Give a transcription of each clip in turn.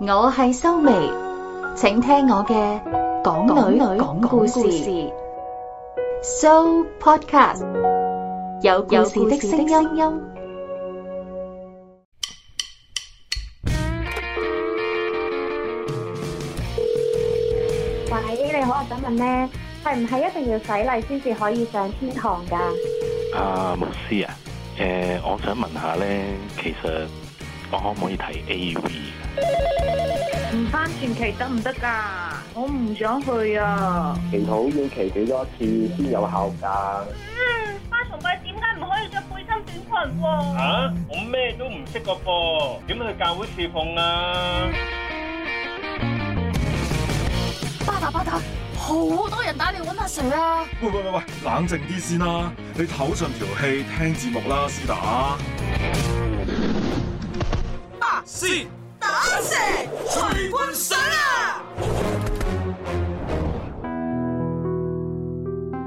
我係修眉，請聽我嘅講女女講故事。So podcast 有故事的聲音。喂，你好，我想問咧，係唔係一定要洗禮先至可以上天堂噶？阿牧師啊，誒，我想問下咧，其實。可唔可以睇 AV？唔翻團契得唔得噶？行不行我唔想去啊！祈禱要祈禱幾多次先有效噶？嗯，花崇拜點解唔可以着背心短裙？吓、啊，我咩都唔識個噃，點去教會侍奉啊？巴打巴打，好多人打嚟搵阿 Sir 啊！喂喂喂喂，冷靜啲先啦，你唞順條氣，聽節目啦，絲打！C, 打蛇，徐君上啊！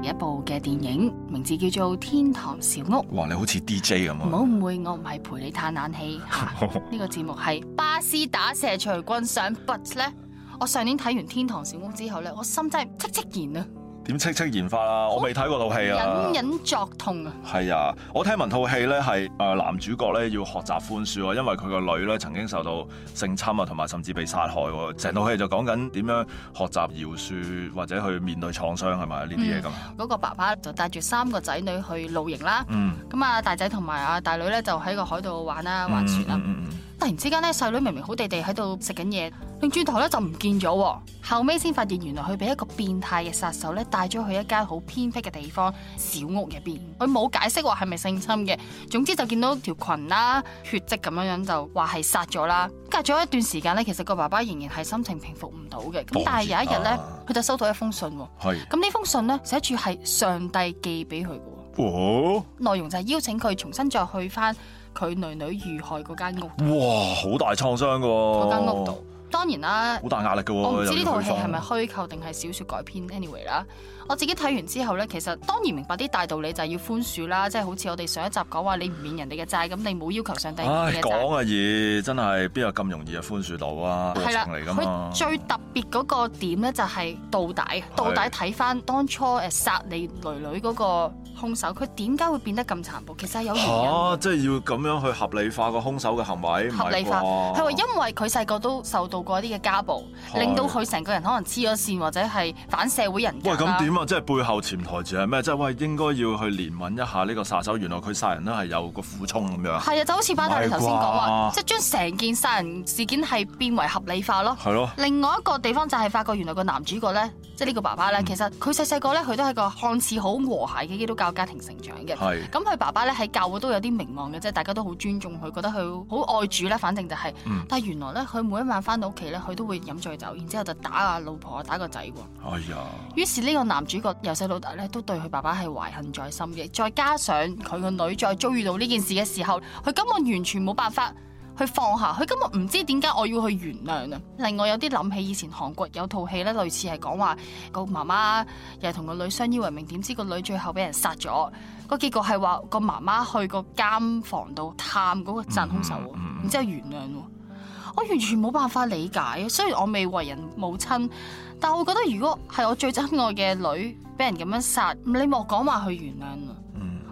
一部嘅電影，名字叫做《天堂小屋》。哇，你好似 DJ 咁啊！唔好誤會，我唔係陪你嘆冷氣吓。呢、 啊呢個節目係巴士打蛇，徐君上》。But 咧，我上年睇完《天堂小屋》之後咧，我心真係戚戚然啊！點戚戚研發啊！好我未睇過套戲啊！隱隱作痛啊！係啊！我聽聞套戲咧係，誒男主角咧要學習寬恕，因為佢個女咧曾經受到性侵啊，同埋甚至被殺害。成套戲就講緊點樣學習饒恕或者去面對創傷，係咪呢啲嘢咁？嗰、嗯嗰個爸爸就帶住三個仔女去露營啦。咁啊、嗯、大仔同埋啊大女咧就喺個海度玩啦，划船啦。嗯嗯嗯突然之間咧，細女明明好地地喺度食緊嘢，擰轉頭咧就唔見咗。後尾先發現原來佢俾一個變態嘅殺手咧帶咗去一間好偏僻嘅地方小屋入邊。佢冇解釋話係咪性侵嘅，總之就見到條裙啦、血跡咁樣樣就話係殺咗啦。隔咗一段時間咧，其實個爸爸仍然係心情平復唔到嘅。咁但係有一日咧，佢、啊、就收到一封信。係咁呢封信咧，寫住係上帝寄俾佢嘅。哦，內容就係邀請佢重新再去翻。佢女女遇害嗰間屋，哇，好大創傷㗎、啊。嗰間屋度，當然啦、啊，好大壓力㗎。我唔知呢套戲係咪虛構定係小説改編，anyway 啦。我自己睇完之後咧，其實當然明白啲大道理就係要寬恕啦，即、就、係、是、好似我哋上一集講話，你唔免人哋嘅債咁，你冇要求上帝免人哋嘅債。真係邊有咁容易啊，寬恕到啊，過程嚟㗎嘛。佢最特別嗰個點咧，就係到底，到底睇返當初誒殺你女女嗰、那個。凶手佢點解會變得咁殘暴？其實係有原因。啊，即係要咁樣去合理化個兇手嘅行為。合理化，係話因為佢細個都受到過一啲嘅家暴，令到佢成個人可能黐咗線或者係反社會人格。喂，咁點啊？即係背後潛台詞係咩？即係喂，應該要去憐憫一下呢個殺手，原來佢殺人咧係有個苦衷咁樣。係啊，就好似巴打你頭先講話，即係將成件殺人事件係變為合理化咯。係咯、啊。另外一個地方就係發覺，原來個男主角咧。即係呢個爸爸咧，嗯、其實佢細細個咧，佢都係個看似好和諧嘅基督教家庭成長嘅。咁佢是 爸爸咧喺教會都有啲名望嘅，即係大家都好尊重佢，覺得佢好愛主咧。反正就係、是，嗯、但係原來咧，佢每一晚翻到屋企咧，佢都會飲醉酒，然之後就打啊老婆啊，打個仔喎。哎呀！於是呢個男主角由細到大咧都對佢爸爸係懷恨在心嘅。再加上佢個女再遭遇到呢件事嘅時候，佢根本完全冇辦法。佢放下，佢根本唔知點解我要去原諒啊！令我有啲諗起以前韓國有套戲咧，類似係講話個媽媽又係同個女相依為命，點知個女最後俾人殺咗，個結果係話個媽媽去個監房度探嗰個真兇手喎，然之後原諒喎、啊。我完全冇辦法理解，雖然我未為人母親，但我覺得如果係我最親愛嘅女俾人咁樣殺，你莫講話去原諒啦、啊。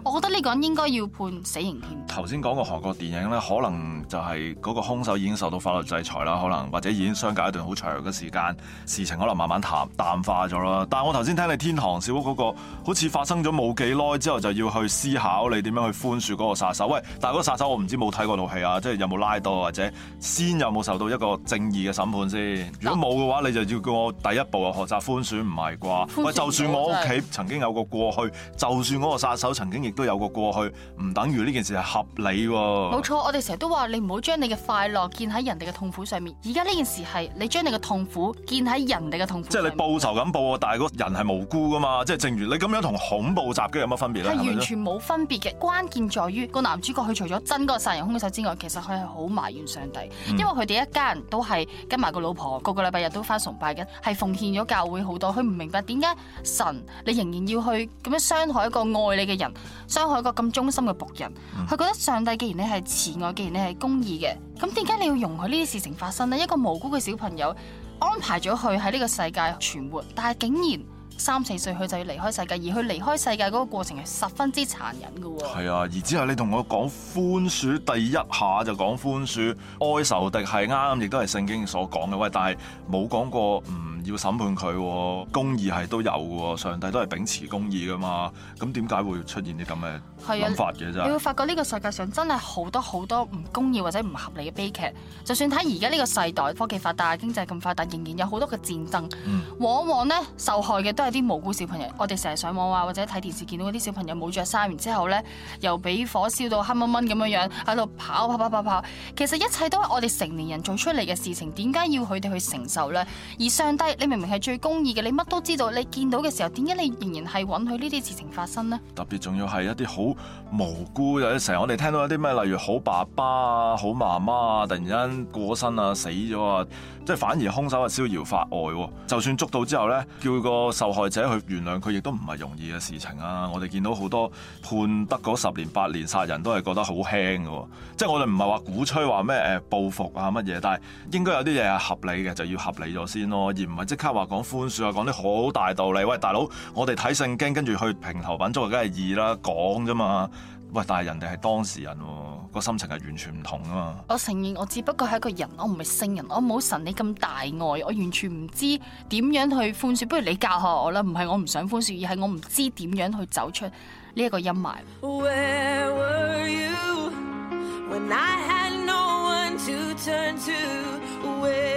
我覺得呢個人應該要判死刑添。頭先講個韓國電影咧，可能就係嗰個兇手已經受到法律制裁啦，可能或者已經相隔一段好長嘅時間，事情可能慢慢淡淡化咗啦。但我頭先聽你《天堂小屋》嗰個，好似發生咗冇幾耐之後就要去思考你點樣去寬恕嗰個殺手。喂，但係嗰個殺手我唔知冇睇過套戲啊，即係有冇拉到或者先有冇受到一個正義嘅審判先？如果冇嘅話，你就要叫我第一步啊，學習寬恕唔係啩？喂，就算我屋企曾經有個過去，就算嗰個殺手曾經亦～都有個過去，唔等於呢件事係合理喎。冇錯，我哋成日都話你唔好將你嘅快樂建喺人哋嘅痛苦上面。而家呢件事係你將你嘅痛苦建喺人哋嘅痛苦。即係你報仇咁報。但係嗰人係無辜噶嘛？即係正如你咁樣同恐怖襲擊有乜分別咧？係完全冇分別嘅。關鍵在於個男主角，佢除咗憎嗰個殺人兇手之外，其實佢係好埋怨上帝，嗯、因為佢哋一家人都係跟埋個老婆，個個禮拜日都返崇拜緊，係奉獻咗教會好多。佢唔明白點解神你仍然要去咁樣傷害一個愛你嘅人。傷害一個咁忠心嘅僕人，佢覺得上帝既然你係慈愛，既然你係公義嘅，咁點解你要容許呢啲事情發生呢？一個無辜嘅小朋友安排咗佢喺呢個世界存活，但係竟然三四歲佢就要離開世界，而佢離開世界嗰個過程係十分之殘忍噶喎。係啊，而之後你同我講寬恕，第一下就講寬恕，愛仇敵係啱，亦都係聖經所講嘅。喂，但係冇講過唔。要審判佢、哦、公義係都有嘅，上帝都係秉持公義嘅嘛。咁點解會出現啲咁嘅諗法嘅啫？你會發覺呢個世界上真係好多好多唔公義或者唔合理嘅悲劇。就算睇而家呢個世代科技發達，經濟咁發達，仍然有好多嘅戰爭。嗯、往往呢，受害嘅都係啲無辜小朋友。我哋成日上網啊，或者睇電視見到嗰啲小朋友冇着衫，然之後呢，又俾火燒到黑掹掹咁樣樣喺度跑跑跑跑跑。其實一切都係我哋成年人做出嚟嘅事情，點解要佢哋去承受呢？而上帝。你明明係最公義嘅，你乜都知道，你見到嘅時候，點解你仍然係允許呢啲事情發生呢？特別仲要係一啲好無辜嘅，有啲成日我哋聽到一啲咩，例如好爸爸啊、好媽媽啊，突然間過身啊、死咗啊，即係反而兇手係逍遙法外喎。就算捉到之後呢，叫個受害者去原諒佢，亦都唔係容易嘅事情啊。我哋見到好多判得嗰十年八年殺人都係覺得好輕嘅，即係我哋唔係話鼓吹話咩誒報復啊乜嘢，但係應該有啲嘢係合理嘅，就要合理咗先咯，而唔係。即刻話講寬恕啊，講啲好大道理。喂，大佬，我哋睇聖經，跟住去評頭品足，梗係易啦，講啫嘛。喂，但係人哋係當事人喎，啊，個心情係完全唔同啊嘛。我承認我只不過係一個人，我唔係聖人，我冇神你咁大愛，我完全唔知點樣去寬恕。不如你教下我啦，唔係我唔想寬恕，而係我唔知點樣去走出呢一個陰霾。Where were you when I had no one to turn to?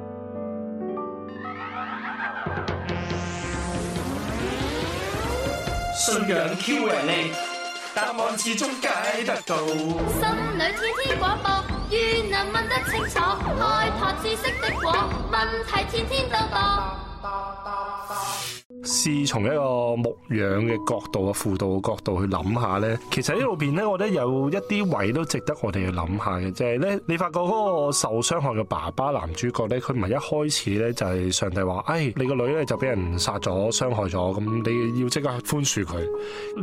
信仰 Q&A，答案始終解得到。心裏天天廣播，願能問得清楚，開拓知識的果，問題天天都多。 試從一個牧養嘅角度啊，輔導嘅角度去諗下呢。其實呢度邊呢，我覺得有一啲位都值得我哋去諗下嘅，即係呢，你發覺嗰個受傷害嘅爸爸男主角呢，佢唔係一開始呢，就係上帝話，哎，你個女呢，就俾人殺咗，傷害咗，咁你要即刻寬恕佢。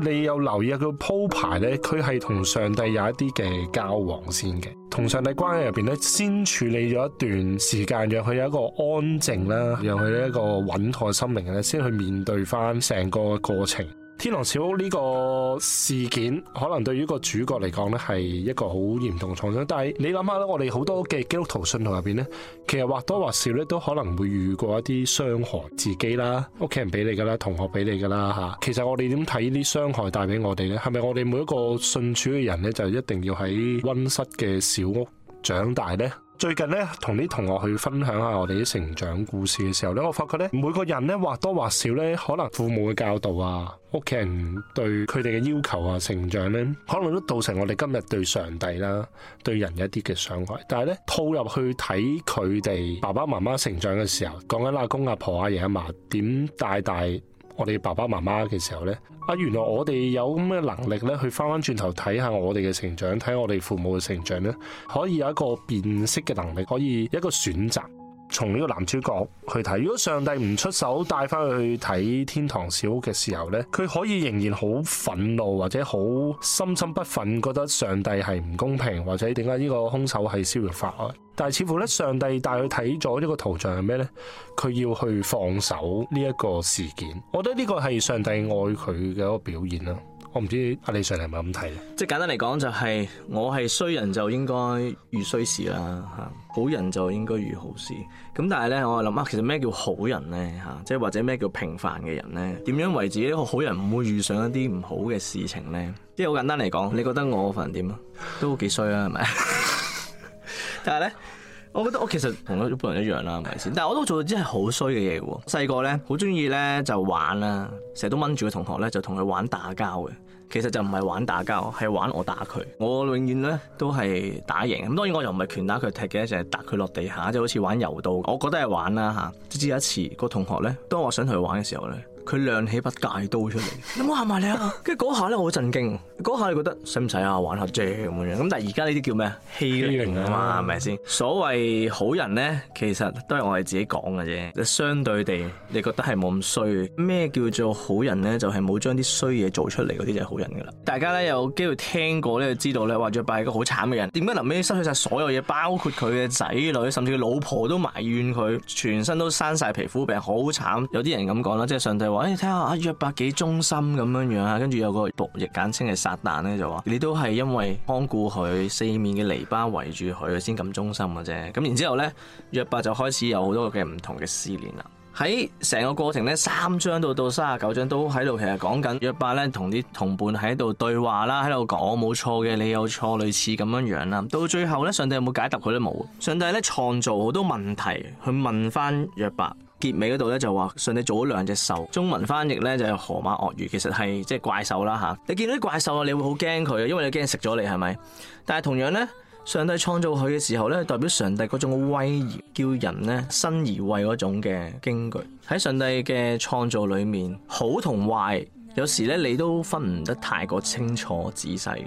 你有留意下佢鋪排呢，佢係同上帝有一啲嘅交往先嘅，同上帝關係入邊呢，先處理咗一段時間，讓佢有一個安靜啦，讓佢呢一個穩妥心靈咧，先去。面對翻成個過程，天狼小屋呢個事件，可能對於個主角嚟講呢，係一個好嚴重嘅創傷。但係你諗下啦，我哋好多嘅基督徒信徒入邊呢，其實或多或少呢都可能會遇過一啲傷害自己啦、屋企人俾你噶啦、同學俾你噶啦吓。其實我哋點睇呢啲傷害帶俾我哋呢？係咪我哋每一個信主嘅人呢，就一定要喺溫室嘅小屋長大呢？最近咧，同啲同學去分享下我哋啲成長故事嘅時候咧，我發覺咧，每個人咧或多或少咧，可能父母嘅教導啊，屋企人對佢哋嘅要求啊，成長咧，可能都造成我哋今日對上帝啦、對人一啲嘅傷害。但係咧，套入去睇佢哋爸爸媽媽成長嘅時候，講緊阿公阿婆阿爺阿嫲點帶大。我哋爸爸媽媽嘅時候呢，啊，原來我哋有咁嘅能力呢，去翻翻轉頭睇下我哋嘅成長，睇我哋父母嘅成長呢，可以有一個辨識嘅能力，可以一個選擇。從呢個男主角去睇。如果上帝唔出手帶翻佢去睇天堂小屋嘅時候呢，佢可以仍然好憤怒或者好深深不忿，覺得上帝係唔公平，或者點解呢個兇手係逍遙法外但係似乎咧，上帝帶佢睇咗呢個圖像係咩咧？佢要去放手呢一個事件，我覺得呢個係上帝愛佢嘅一個表現啦。我唔知阿李 sir 係咪咁睇咧？即係簡單嚟講，就係、是、我係衰人就應該遇衰事啦，嚇！好人就應該遇好事。咁但係咧，我諗下，其實咩叫好人咧？嚇，即係或者咩叫平凡嘅人咧？點樣為自己一個好人唔會遇上一啲唔好嘅事情咧？即係好簡單嚟講，你覺得我份人點啊？都幾衰啊，係咪？ 但係咧，我覺得我其實同一般人一樣啦，唔係先。但係我都做到真係好衰嘅嘢喎。細個咧，好中意咧就玩啦，成日都掹住個同學咧就同佢玩打交嘅。其實就唔係玩打交，係玩我打佢。我永遠咧都係打贏。咁當然我又唔係拳打佢踢嘅，淨係打佢落地下，就好似玩柔道。我覺得係玩啦吓。即係有一次，那個同學咧，當我想同佢玩嘅時候咧。佢亮起把戒刀出嚟，你冇喊埋你啊！跟住嗰下咧，我好震驚。嗰下你覺得使唔使啊？玩下啫咁樣。咁但係而家呢啲叫咩啊？欺凌啊嘛，係咪先？所謂好人咧，其實都係我哋自己講嘅啫。就相對地，你覺得係冇咁衰。咩叫做好人咧？就係、是、冇將啲衰嘢做出嚟嗰啲就係好人噶啦。大家咧有機會聽過咧，就知道咧，約伯係一個好慘嘅人。點解臨尾失去晒所有嘢，包括佢嘅仔女，甚至佢老婆都埋怨佢，全身都生晒皮膚病，好慘。有啲人咁講啦，即係上帝話。我哋睇下阿約伯幾忠心咁樣樣啊，跟住有個僕役簡稱係撒但咧，就話你都係因為看顧佢四面嘅籬笆圍住佢，先咁忠心嘅啫。咁然之後咧，約伯就開始有好多嘅唔同嘅思念啦。喺成個過程咧，三章到到卅九章都喺度其實講緊約伯咧，同啲同伴喺度對話啦，喺度講我冇錯嘅，你有錯，類似咁樣樣啦。到最後咧，上帝有冇解答佢咧？冇。上帝咧創造好多問題去問翻約伯。結尾嗰度咧就話上帝做咗兩隻獸，中文翻譯咧就係河馬、鱷魚，其實係即係怪獸啦吓。你見到啲怪獸啊，你會好驚佢，因為你驚食咗你係咪？但係同樣咧，上帝創造佢嘅時候咧，代表上帝嗰種威嚴，叫人咧生而畏嗰種嘅驚懼。喺上帝嘅創造裏面，好同壞，有時咧你都分唔得太過清楚仔細。耶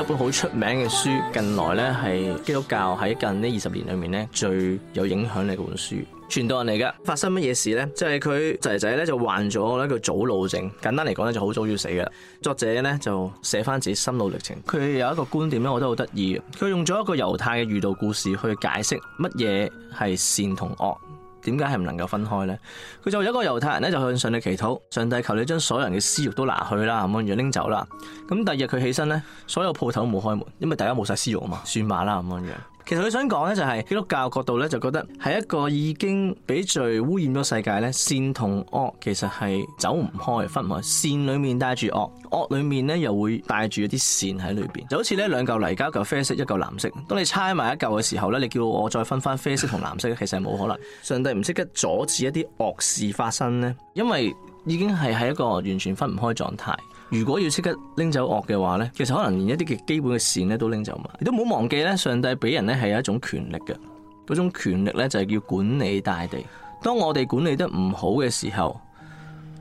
一本好出名嘅書，近來咧，係基督教喺近呢二十年裏面咧，最有影響力嘅本書，傳道人嚟噶。發生乜嘢事咧？即係佢仔仔咧，就患咗咧個早老症，簡單嚟講咧，就好早要死嘅。作者咧，就寫翻自己心路歷程。佢有一個觀點咧，我覺得好得意啊。佢用咗一個猶太嘅寓道故事去解釋乜嘢係善同惡。點解係唔能夠分開咧？佢就有一個猶太人咧，就向上帝祈禱，上帝求你將所有人嘅私欲都拿去啦，咁樣拎走啦。咁第二日佢起身咧，所有鋪頭冇開門，因為大家冇晒私欲啊嘛，算吧啦，咁樣。其實佢想講咧就係、是、基督教角度咧就覺得係一個已經俾罪污染咗世界咧，善同惡其實係走唔開，分唔開，善裏面帶住惡，惡裏面咧又會帶住一啲善喺裏邊，就好似咧兩嚿泥膠，一嚿啡色，一嚿藍色。當你猜埋一嚿嘅時候咧，你叫我再分翻啡色同藍色，其實係冇可能。上帝唔識得阻止一啲惡事發生咧，因為已經係喺一個完全分唔開狀態。如果要即刻拎走惡嘅話呢，其實可能連一啲嘅基本嘅善咧都拎走埋。你都唔好忘記咧，上帝俾人咧係有一種權力嘅，嗰種權力咧就係叫管理大地。當我哋管理得唔好嘅時候，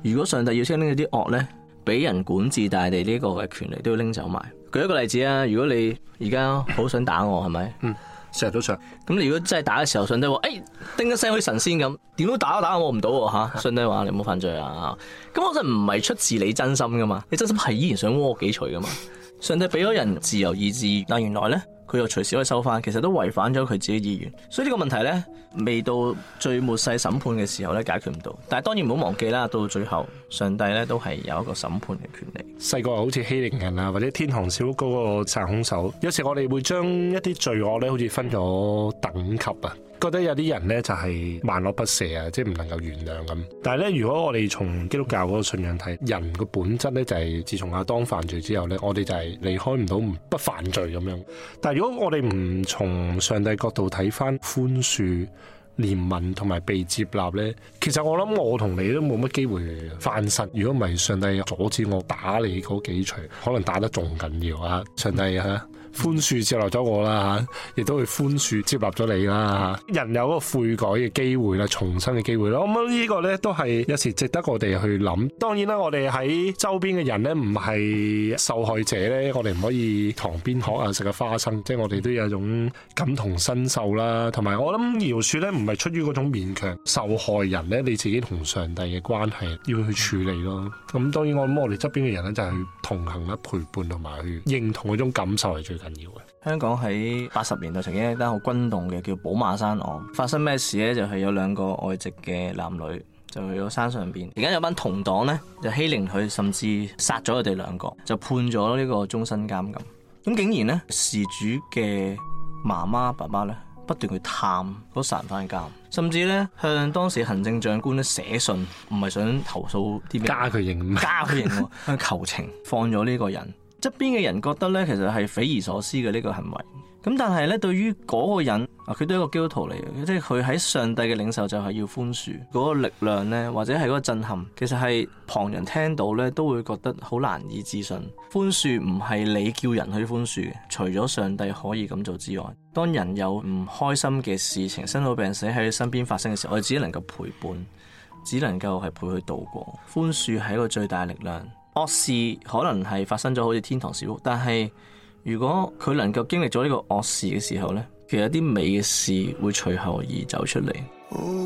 如果上帝要即刻拎走啲惡呢，俾人管治大地呢個嘅權力都要拎走埋。舉一個例子啊，如果你而家好想打我，係咪？嗯成日都想，咁你如果真係打嘅時候上、欸打打啊啊，上帝話，哎，叮一聲好似神仙咁，點都打都打我唔到喎，嚇！上帝話，你唔好犯罪啊！咁我就唔係出自你真心噶嘛，你真心係依然想窩幾除噶嘛。 上帝俾咗人自由意志，但原來咧。佢又隨時可以收翻，其實都違反咗佢自己意願，所以呢個問題咧，未到最末世審判嘅時候咧解決唔到，但係當然唔好忘記啦，到最後上帝咧都係有一個審判嘅權利。細個好似欺凌人啊，或者天堂小屋嗰個殺兇手，有時我哋會將一啲罪惡咧好似分咗等級啊。覺得有啲人呢，就係萬惡不赦啊，即係唔能夠原諒咁。但係呢，如果我哋從基督教嗰個信仰睇，人嘅本質呢，就係自從亞當犯罪之後呢，我哋就係離開唔到不犯罪咁樣。但係如果我哋唔從上帝角度睇翻寬恕、憐憫同埋被接納呢，其實我諗我同你都冇乜機會翻身。如果唔係上帝阻止我打你嗰幾錘，可能打得仲緊要啊！上帝吓。寬恕接納咗我啦吓，亦都去寬恕接納咗你啦吓。人有個個悔改嘅機會啦，重生嘅機會咯。咁、這、呢個咧都係有時值得我哋去諗。當然啦，我哋喺周邊嘅人咧唔係受害者咧，嗯、我哋唔可以旁邊學啊食嘅花生，即、就、係、是、我哋都有一種感同身受啦。同埋我諗饒恕咧唔係出於嗰種勉強，受害人咧你自己同上帝嘅關係要去處理咯。咁、嗯、當然我諗我哋側邊嘅人咧就係去同行啦、陪伴同埋去認同嗰種感受係最。重要啊！香港喺八十年代曾經一單好轟動嘅叫《寶馬山案》，發生咩事呢？就係有兩個外籍嘅男女，就去咗山上邊。而家有班同黨呢，就欺凌佢，甚至殺咗佢哋兩個，就判咗呢個終身監禁。咁竟然呢，事主嘅媽媽、爸爸呢，不斷去探嗰殺人犯嘅監，甚至呢，向當時行政長官呢寫信，唔係想投訴啲咩，加佢刑，加佢刑，求情，放咗呢個人。側邊嘅人覺得呢，其實係匪夷所思嘅呢個行為。咁但係呢，對於嗰個人，啊，佢都係一個基督徒嚟嘅，即係佢喺上帝嘅領受就係要寬恕嗰個力量呢，或者係嗰個震撼，其實係旁人聽到呢都會覺得好難以置信。寬恕唔係你叫人去寬恕，除咗上帝可以咁做之外，當人有唔開心嘅事情、生老病死喺佢身邊發生嘅時候，我哋只能夠陪伴，只能夠係陪佢度過。寬恕係一個最大嘅力量。惡事可能係發生咗好似天堂小屋，但係如果佢能夠經歷咗呢個惡事嘅時候呢，其實有啲美嘅事會隨後而走出嚟。Oh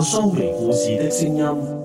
有蘇故事的聲音。